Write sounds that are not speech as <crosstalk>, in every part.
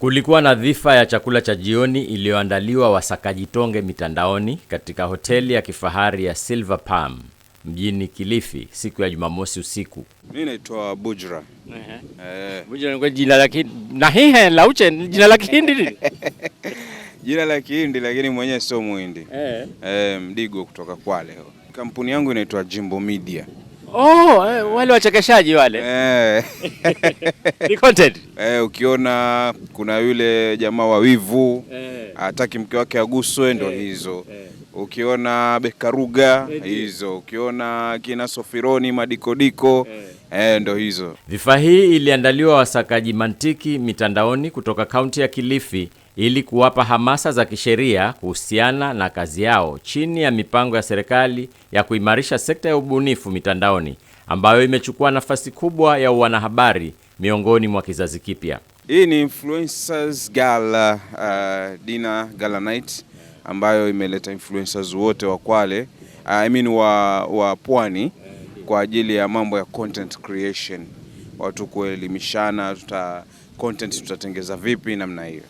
Kulikuwa na dhifa ya chakula cha jioni iliyoandaliwa wasakaji tonge mitandaoni katika hoteli ya kifahari ya Silver Palm mjini Kilifi siku ya Jumamosi usiku. Mimi naitwa Bujra. Eh. Bujra ni jina la Kihindi. Na hihe la <laughs> uche jina la Kihindi. Jina la Kihindi lakini mwenyewe sio Muhindi. Eh. Eh, Mdigo kutoka Kwale. Kampuni yangu inaitwa Jimbo Media. Oh, eh, wale wachekeshaji wale eh. <laughs> Ni content. Eh, ukiona kuna yule jamaa wa wivu eh. hataki eh, mke wake aguswe ndo eh, hizo eh. Ukiona Bekaruga eh, hizo ukiona kina Sofironi Madikodiko eh. Eh, ndo hizo. Vifaa hii iliandaliwa wasakaji mantiki mitandaoni kutoka kaunti ya Kilifi ili kuwapa hamasa za kisheria kuhusiana na kazi yao chini ya mipango ya serikali ya kuimarisha sekta ya ubunifu mitandaoni ambayo imechukua nafasi kubwa ya wanahabari miongoni mwa kizazi kipya. Hii ni influencers gala uh, dinner gala night ambayo imeleta influencers wote wa Kwale, uh, I mean wa, wa Pwani kwa ajili ya mambo ya content creation, watu kuelimishana, tuta content tutatengeza vipi namna hiyo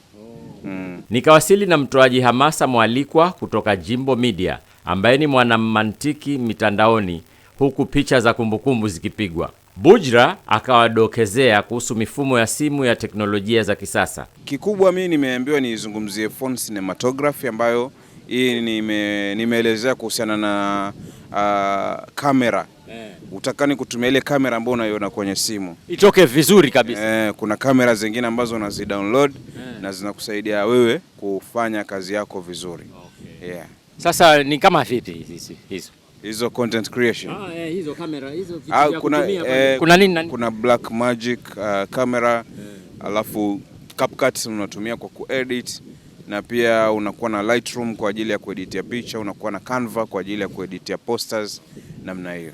mm. Nikawasili na mtoaji hamasa mwalikwa kutoka Jimbo Media ambaye ni mwanamantiki mitandaoni, huku picha za kumbukumbu zikipigwa. Bujra akawadokezea kuhusu mifumo ya simu ya teknolojia za kisasa. Kikubwa mimi nimeambiwa niizungumzie phone cinematography ambayo hii nime, nimeelezea kuhusiana na uh, kamera eh. Utakani kutumia ile kamera ambayo unaiona kwenye simu itoke vizuri kabisa eh, kuna kamera zingine ambazo unazi download eh, na zinakusaidia wewe kufanya kazi yako vizuri okay. Yeah. Sasa ni kama vipi hizi hizo hizo content creation ah, eh, hizo kamera hizo vitu ah, kuna, eh, kuna nini nani? kuna Black Magic uh, ah, kamera eh. Alafu CapCut unatumia kwa kuedit na pia unakuwa na Lightroom kwa ajili ya kueditia picha, unakuwa na Canva kwa ajili ya kueditia posters namna hiyo.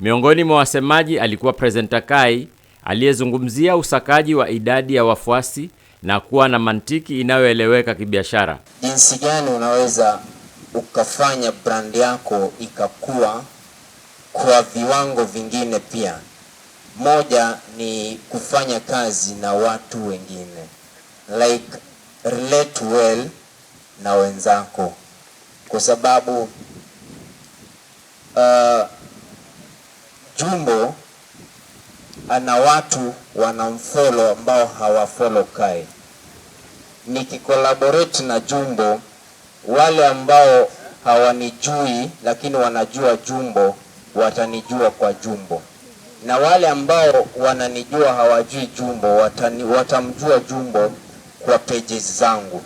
Miongoni mwa wasemaji alikuwa presenter Kai aliyezungumzia usakaji wa idadi ya wafuasi na kuwa na mantiki inayoeleweka kibiashara. Jinsi gani unaweza ukafanya brand yako ikakua kwa viwango vingine pia. Moja ni kufanya kazi na watu wengine like relate well na wenzako, kwa sababu uh, Jumbo ana watu wanamfollow ambao hawafollow Kai. Nikikolaborate na Jumbo, wale ambao hawanijui lakini wanajua Jumbo watanijua kwa Jumbo, na wale ambao wananijua hawajui Jumbo watani, watamjua Jumbo kwa pages zangu.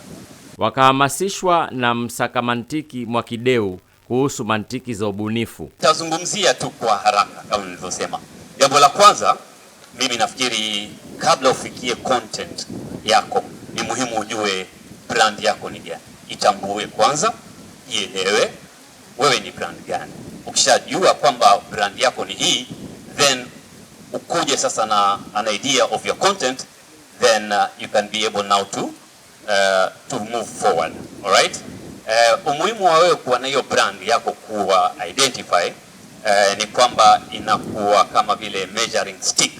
Wakahamasishwa na msakamantiki Mwakideu kuhusu mantiki za ubunifu. Tazungumzia tu kwa haraka kama nilivyosema. Jambo la kwanza, mimi nafikiri kabla ufikie content yako ni muhimu ujue brand yako ni gani. Itambue kwanza, ielewe wewe ni brand gani. Ukishajua kwamba brand yako ni hii, then ukuje sasa na an idea of your content then uh, you can be able now to, uh, to move forward. right Uh, umuhimu wa wewe kuwa na hiyo brand yako kuwa identify uh, ni kwamba inakuwa kama vile measuring stick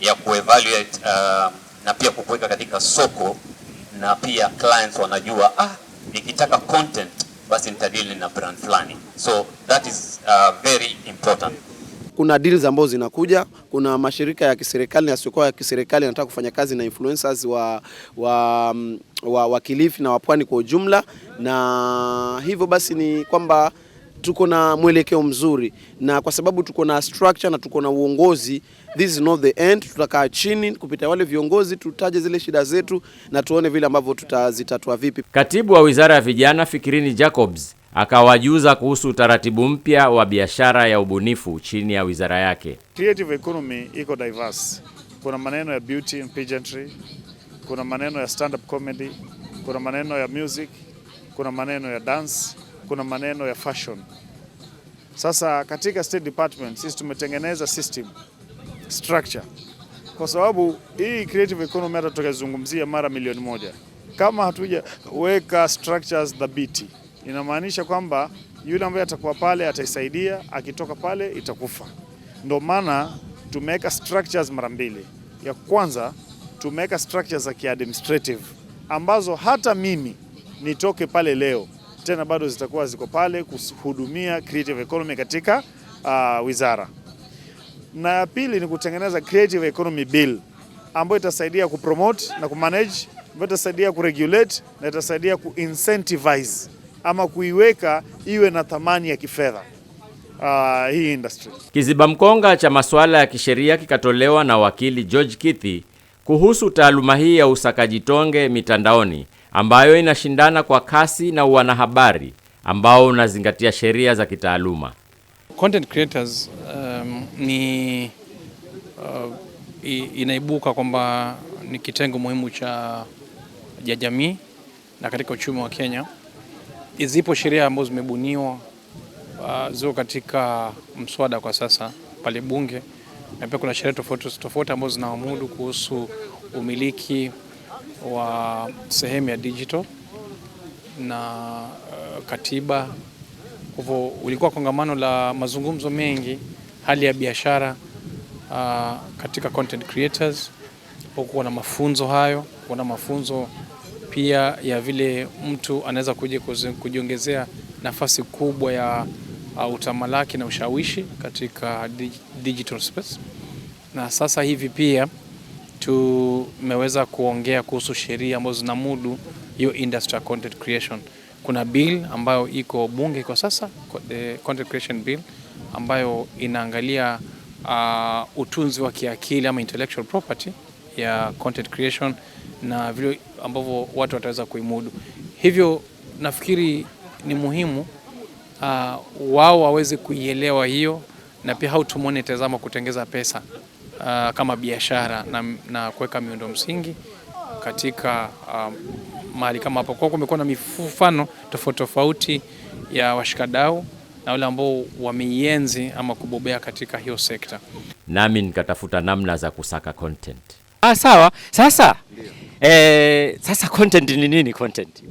ya kuevaluate uh, na pia kukuweka katika soko na pia clients wanajua ah, nikitaka content basi nitadili na brand fulani, so that is uh, very important kuna deals ambazo zinakuja. Kuna mashirika ya kiserikali na yasiyokuwa ya kiserikali yanataka kufanya kazi na influencers wa, wa, wa, wa Kilifi na wa Pwani kwa ujumla, na hivyo basi ni kwamba tuko na mwelekeo mzuri, na kwa sababu tuko na structure na tuko na uongozi, this is not the end. Tutakaa chini kupitia wale viongozi, tutaje zile shida zetu na tuone vile ambavyo tutazitatua vipi. Katibu wa Wizara ya Vijana Fikirini Jacobs akawajuza kuhusu utaratibu mpya wa biashara ya ubunifu chini ya wizara yake. Creative economy iko diverse. Kuna maneno ya beauty and pageantry, kuna maneno ya stand up comedy, kuna maneno ya music, kuna maneno ya dance, kuna maneno ya fashion. Sasa katika State Department sisi tumetengeneza system structure, kwa sababu hii creative economy hata tukazungumzia mara milioni moja, kama hatujaweka structures dhabiti inamaanisha kwamba yule ambaye atakuwa pale ataisaidia, akitoka pale itakufa. Ndio maana tumeweka structures mara mbili. Ya kwanza tumeweka structures za kiadministrative ambazo hata mimi nitoke pale leo tena bado zitakuwa ziko pale kuhudumia creative economy katika uh, wizara. Na ya pili ni kutengeneza creative economy bill ambayo itasaidia kupromote na kumanage, ambayo itasaidia kuregulate na itasaidia kuincentivize ama kuiweka iwe na thamani ya kifedha. Uh, hii industry. Kiziba mkonga cha masuala ya kisheria kikatolewa na wakili George Kithi kuhusu taaluma hii ya usakaji tonge mitandaoni ambayo inashindana kwa kasi na wanahabari ambao unazingatia sheria za kitaaluma. Content creators um, ni uh, inaibuka kwamba ni kitengo muhimu cha jamii na katika uchumi wa Kenya. Zipo sheria ambazo zimebuniwa uh, ziko katika mswada kwa sasa pale Bunge, na pia kuna sheria tofauti tofauti ambazo zinaamudu kuhusu umiliki wa sehemu ya digital na uh, katiba. Kwa hivyo ulikuwa kongamano la mazungumzo mengi, hali ya biashara uh, katika content creators, kuna mafunzo hayo, kuna mafunzo pia ya vile mtu anaweza kuja kujiongezea nafasi kubwa ya uh, utamalaki na ushawishi katika digital space. Na sasa hivi pia tumeweza kuongea kuhusu sheria ambazo zinamudu hiyo industry content creation. Kuna bill ambayo iko bunge kwa sasa, the eh, content creation bill ambayo inaangalia uh, utunzi wa kiakili ama intellectual property ya content creation na vile ambavyo watu wataweza kuimudu. Hivyo nafikiri ni muhimu uh, wao waweze kuielewa hiyo na pia how to monetize ama kutengeza pesa uh, kama biashara na, na kuweka miundo msingi katika uh, mahali kama hapo. Kwa kumekuwa na mifano tofauti tofauti ya washikadau na wale ambao wameienzi ama kubobea katika hiyo sekta, nami nikatafuta namna za kusaka content. Ah, sawa sasa Ndiyo. Eh, sasa content ni nini content?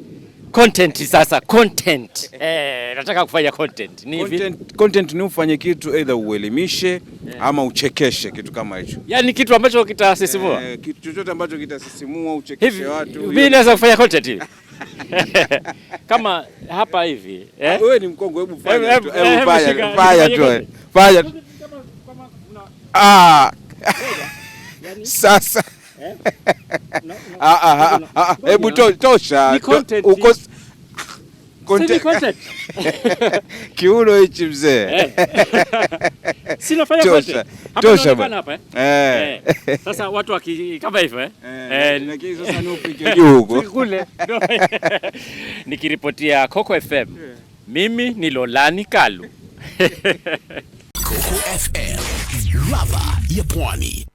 Content sasa content. Eh, nataka kufanya content. Ni content, content ni ufanye kitu either uelimishe yeah, ama uchekeshe kitu kama hicho. Yaani kitu ambacho kitasisimua. Eh, kitu chochote ambacho kitasisimua uchekeshe hivi, watu. Mimi naweza kufanya content hivi. <laughs> Kama hapa hivi. Eh? Wewe ni mkongo, hebu fanya tu. Hebu fanya, fanya tu. Fanya. Ah. <laughs> Sasa Hebu ah, ah, ah, tosha <laughs> kiuno hichi mzee, sasa watu kama hivyo eh. eh, eh. <laughs> kule. <laughs> Nikiripotia Coco FM, mimi ni Lolani Kalu, Coco FM, ladha ya Pwani.